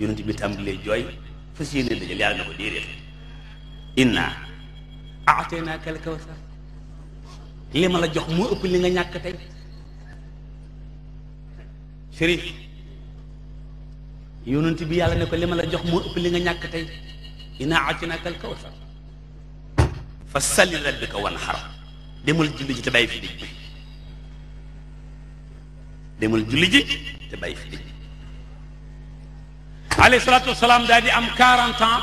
yonent bi tàmbalee jooy fas yéene dajal yàlla na ko déedéet inna a'taynaaka al-kawsar li ma la jox moo ëpp li nga ñàkk tey sëriñ yonent bi yàlla ne ko li ma jox moo li nga ñàkk tey inna a'taynaaka al-kawsar fa salli li rabbika wanhar demul julli ji te bàyyi fi dij bi demul te bàyyi fi dij عليه الصلاة والسلام دادي أم كارن تام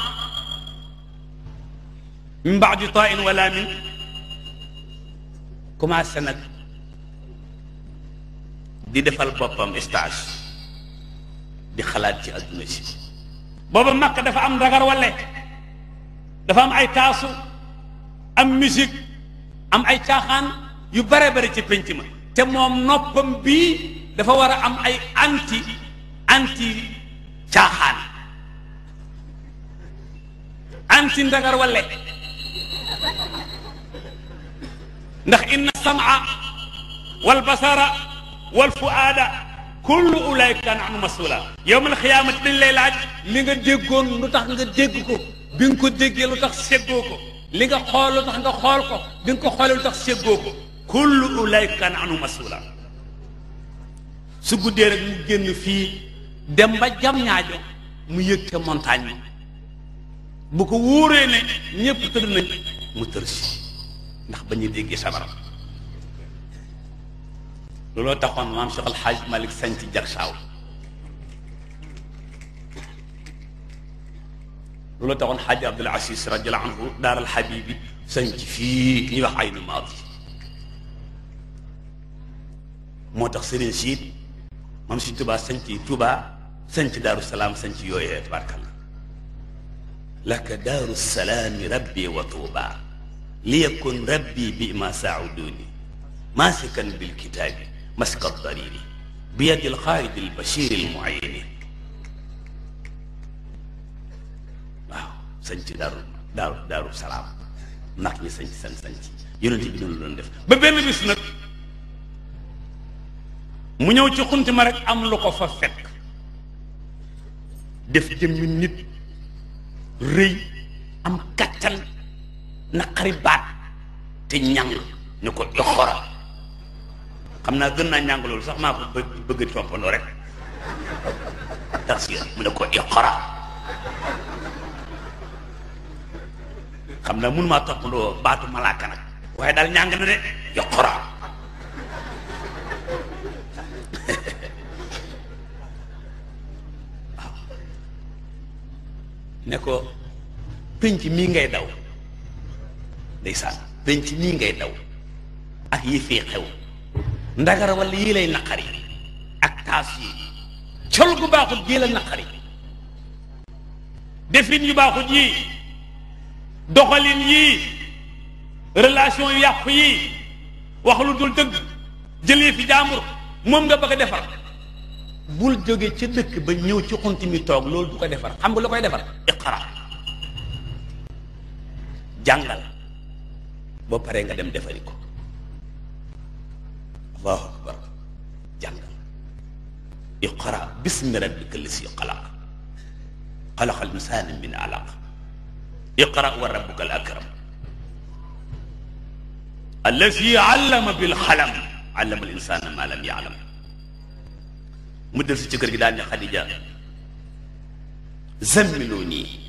من بعد طائن ولا من كما سند دي دفال بابام استعش دي خلال جي أدنش بابا مكة دفع أم رغر ولا دفع أم أي تاسو أم ميزيك أم أي تاخان يو بري تي بنتي ما تمام نوبم بي دفع وراء أم أي أنتي أنتي caaxaan anti ndagar wale ndax inna sam'a wal basara wal fuada kullu ulaika kana anhu masula yowmal xiyaamati dañ lay laaj li nga déggoon lu tax nga dégg ko bi nga ko déggee lu tax séggoo ko li nga xool lu tax nga xool ko bi nga ko xoolee lu tax séggoo ko kullu ulaika kana anhu masula su guddee rek mu génn fii dem ba jam ñaajo mu yëg ca montagne bu ko wóoree ne ñépp tëdd nañ mu tër si ndax ba ñu déggee sabaram looloo taxoon maam Cheikh Al Hadj Malick sañ ci jagsaaw looloo taxoon Xaaji Abdul Aziz radiyallaahu anhu Daar al Habibi sañ ci fii ñuy wax Aynu Maadi moo tax Serigne Siit moom tuba Touba sañ sanc daaru salaam sanc yooyee tabarkalla laka daaru salaami rabbi wa tuuba li yakun rabbi bi ma saauduni maasikan bilkitaabi maska dariri bi yadi alxaariji albashir almuayini waaw sanc daaru daaru daaru salaam nag ñi sanc san sanc yonent bi noonu doon def ba benn bis nag mu ñëw ci xunti ma am lu fa fet def jëmmi nit rëy am kàttan naqari baat te ñàng ñu ko joxora xam naa gën na ñàng loolu sax maa bëgg compandoo rek tafsir mu ne ko iqra na naa mënumaa toppandoo baatu malaaka nag waaye daal ñàng na ne iqra ne ko pénc mii ngay daw ndeysaan ci mii ngay daw ak yii fi xew ndagara wala yii lay naqari ak taas yi col gu baaxul jii la naqari defin yu baaxul yii doxalin yii relation yu yàqu yii wax lu dul dëgg jëlee fi jaambur moom nga bëgg a defar bul jóge ci dëkk ba ñëw ci xunti mi toog loolu du ko defar xam nga la koy defar iqra jàngal ba pare nga dem defari ko allahu akbar jàngal iqra bismi rabbika lasi khalaq xalaqa al insana min alaq iqra wa rabbuka al akram allasi allama bil xalam allama al insana ma lam yaalam mu del ci kër gi daal ne xadija zammiluni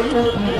Thank you.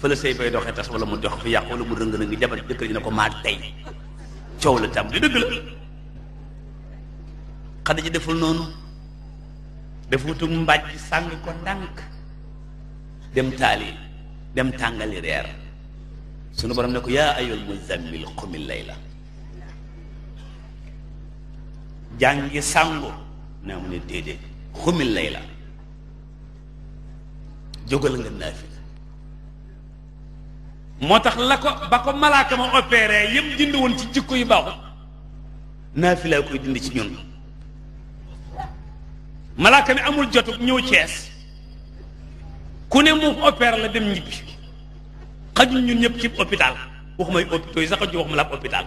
fa say sëy bay doxee tas wala mu dox fi yàqu wala mu rëng na ngi jabar jëkkër ji ne ko maa tey coow la tam di dëgg la xaddi ji deful noonu defutug mbàjj sàng ko ndànk dem tàngali reer sunu borom ne ko yaa ayyul muzammil qumil layla jàngi sàngu naa mu ne déedéet xumil layla jógal nga naafi moo tax la ko ba ko malaaka ma opéré yëpp woon ci jikko yi baaxut naafila koy dindi ci ñun malaaka mi amul jotuk ñëw cees ku ne mu opéré la dem ñibbi xajul ñun ñëpp ci hôpital wax may hôpitaux yi sax la hôpital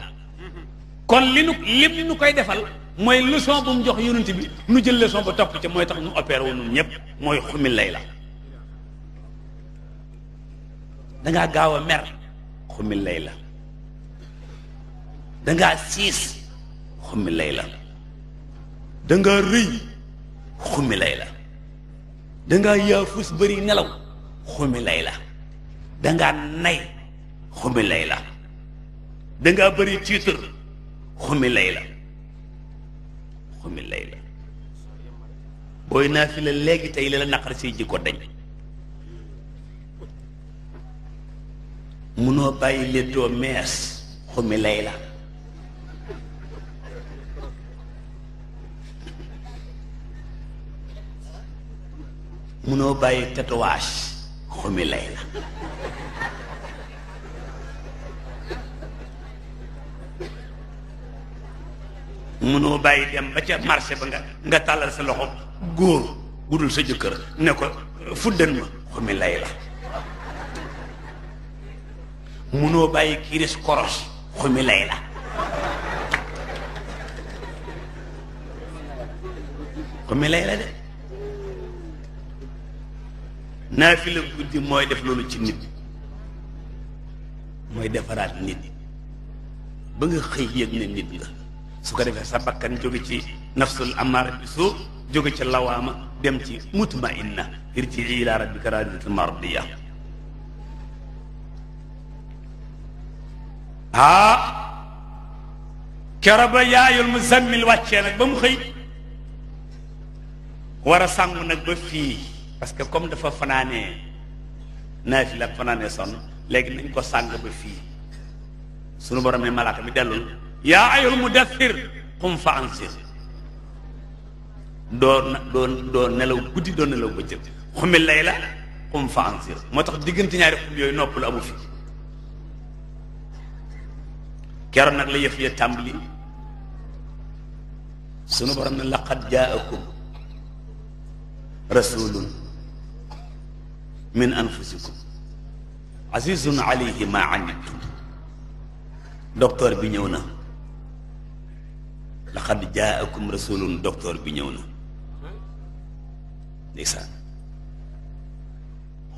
kon li nu li nu koy defal mooy leçon bu mu jox yonent bi nu jël leçon ba topp ca mooy tax ñu opéré wu ñun mooy xumil lay la danga gaaw a mer xummi lay la dangaa siis xummi lay la danga rëy xummi lay la dangaa yaafus bëri nelaw xummi lay la dangaa nay xummi lay la dangaa bëri tiitar xummi lay la xummi lay la booy naa fi la léegi tey la la naqar say jikko dañ munoo bàyyi léttoo mees xumi lay la munoo bàyyi tatouage xumi lay la munoo bàyyi dem ba ca marché ba nga nga tàllal sa loxo góor gudul sa jëkkër ne ko fuddan ma xumi la munoo bàyyi kiris koros xumi lay la xumi lay la de naafila guddi mooy def loolu ci nit mooy defaraat nit ba nga xëy yëg ne nit nga su ko defee sa bakkan jóge ci nafsul amaara bi suu jóge ci lawaama dem ci ngir ci mutmainna irji ila rabbika raadiyatan mardiya كربا يا يل مزمل واتشي نك بمخي ورا سانغ نك بفي باسكو كوم دا فا فناني نافي لا فناني سون لغ نكو سانغ بفي سونو بروم ملاك مي دلول يا ايها المدثر قم فانصر دون دون دون نلو غودي دون نلو بجيت خمي الليلة قم فانصر موتاخ ديغنت نياري خم يوي نوبل ابو فيه كرنا لي في تملي سنبرم لقد جاءكم رسول من انفسكم عزيز عليه ما عنتم دكتور بنيونا لقد جاءكم رسول دكتور بنيونا ليس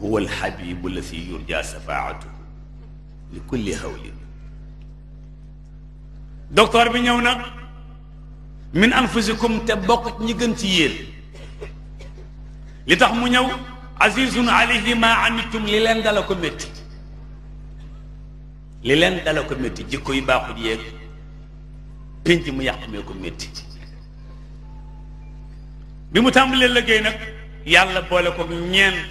هو الحبيب الذي يرجى شفاعته لكل هول docteur bi ñëw na min anfusikum te bokk ñi gën ci yéen li tax mu ñëw azizun alayhi ma anittum li leen dala ko métti li leen dala ko métti jikko yu baaxul yéeg pénc mu yàq ko métti bi mu tàmbalee liggéey nag yàlla boole ko ñeent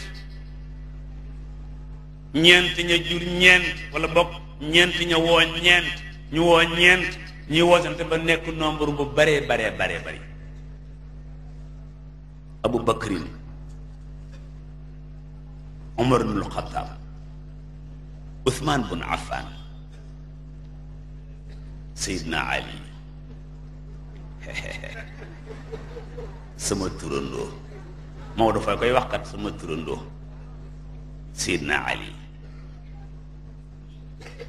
ñeent ña ñeent wala bokk ñeent ña woo ñeent ñu woo ñeent ñuy wootante ba nekk nombre bu baree baree baree bari abu bakrin omar ibnul xataab usmaan bun affan seydna ali sama turandoo Maodo dafay koy waxkat sama turandoo seydna ali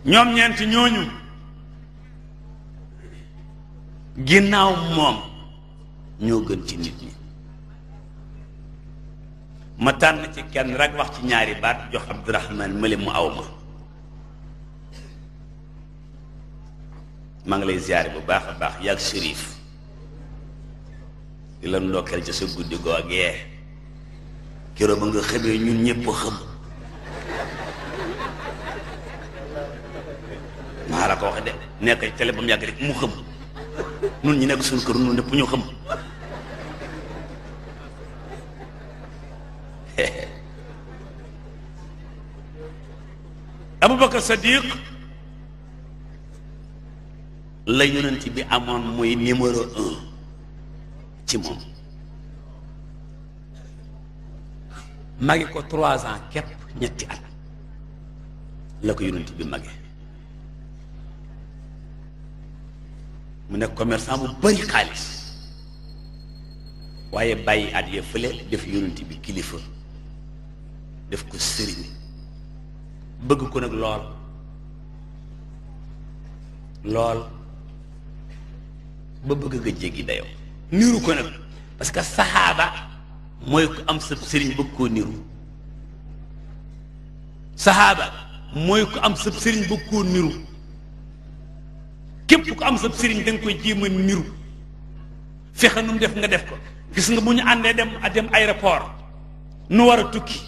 ñoom ñeent ñooñu ginnaaw mom ñoo gën ci nit ñi ma tan ci kenn rek wax ci ñaari baat jox abdurrahman mële mu aw ma maa ngi lay ziaré bu baax baax yak shérif di la ndokkeel ci sa guddi goge kéro ba nga xébé ñun ñëpp xam ma la ko wax nekk ci télé bu mu yag rek mu xam nun ñi nekk suñu kër nun ñëpp ñoo xam Abubakar Sadiq la yonent bi amoon muy numéro un ci moom magi ko trois ans képp ñetti at la ko yonent bi mage mu nekk commerçant bu bari xaalis waaye bàyyi at ya def yonent bi kilifa def ko sëriñ bëgg ko nag lool lool ba bëgg nga jéggi dayoo niiru ko nag parce que saxaaba mooy ku am sab sëriñ bëgg koo niiru saxaaba mooy ku am sab sëriñ bëgg koo niiru képp ku am sab sëriñ da nga koy jéem a niru fexe nu mu def nga def ko gis nga bu ñu àndee dem a dem aéroport nu war a tukki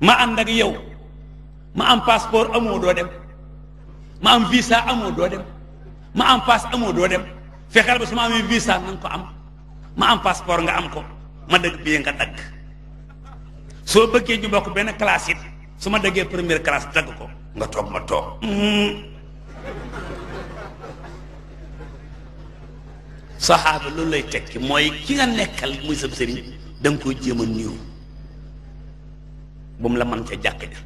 ma ànd ak yow ma am passeport amoo doo dem ma am visa amoo doo dem ma am pass amoo doo dem fexeel ba su ma amee visa na nga ko am ma am passeport nga am ko ma dëgg bii nga dagg soo bëggee ñu bokk benn classe it su ma dëggee première classe dagg ko nga toog ma toog. Mm-hmm. saxaaba loolu lay teg tekki mooy ki nga nekkal muy sab sëriñ da nga koy jéem a niiw ba mu la mën ca jàkk ja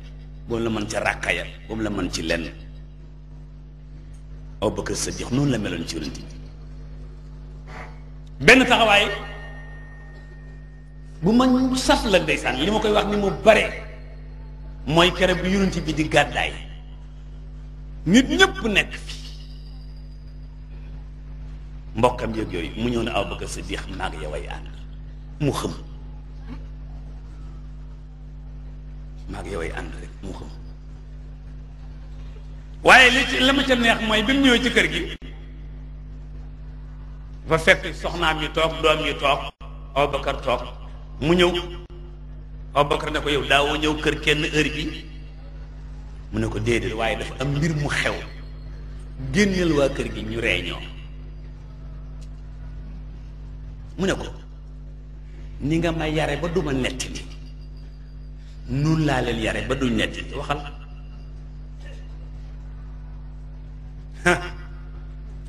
ba mu la mën ca ràkka ya ba mu la mën ci lenn aw bëkk sa jox noonu la meloon ci benn taxawaay bu ma saf la ndeysaan li ma koy wax ni mu bare mooy kere bu yonent bi di gàddaay nit ñëpp nekk mbokkam yëg yooyu mu ñëw na aw bëgg siddiq maa ngi yow ay ànd mu xëm maa ngi ànd rek mu xëm waaye li la ma ca neex mooy bi mu ñëwee ci kër gi fa fekk soxnaam yi toog doom yi toog Abubakar toog mu ñëw Abubakar ne ko yow daawoo ñëw kër kenn heure gi mu ne ko déedéet waaye dafa am mbir mu xew génneel waa kër gi ñu reeñoo mu ne ko ni nga ma yare ba duma netti li nun laa leen yare ba duñ netti li waxal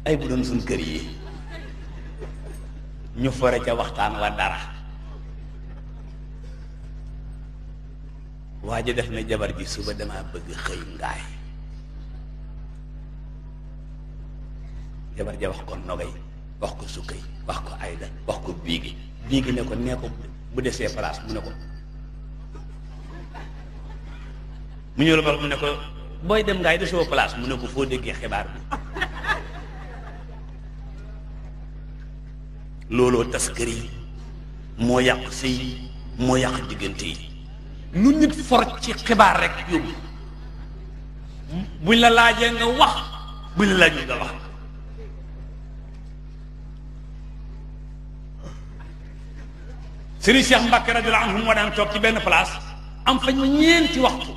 ay bu doon suñ kër yi ñu fore ca waxtaan wa dara waa ji def na jabar ji suba damaa bëgg xëy jabar ja wax ko nogay wax ko sukkay wax ko ayda wax ko biigi biigi ne ko nee ko bu desee place mu ne ko mu ñëw la ba ne ko booy dem ngaay desoo place mu ne ko foo déggee xibaar bi looloo kër yi moo yàq sëy moo yàq diggante yi nu nit for ci xibaar rek yóbbu buñ la laajee nga wax buñ la laajul nga wax Serigne Cheikh Mbacke radiyallahu anhu moo daan toog ci benn place am fa ñeenti waxtu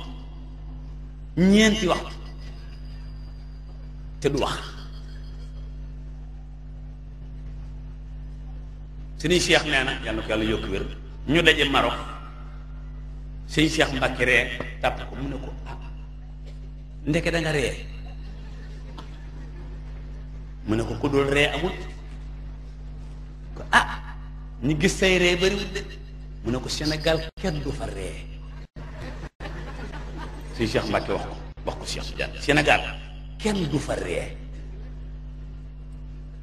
ñeenti waxtu te du wax Serigne Cheikh nee na yàlla ko yàlla yokk wér ñu da Maroc Serigne Cheikh Mbacke ree tàpp ko mu ne ko ah ndeke da ree mu ne ko ku dul ree amut ñi gis say ree bëriwul de mu ne ko Sénégal kenn du fa ree si Cheikh Mbacke wax ko wax ko Cheikh Tidiane kenn du fa